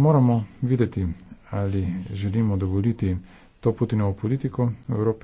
moramo videti, ali želimo dovoliti to Putinovo politiko v Evropi.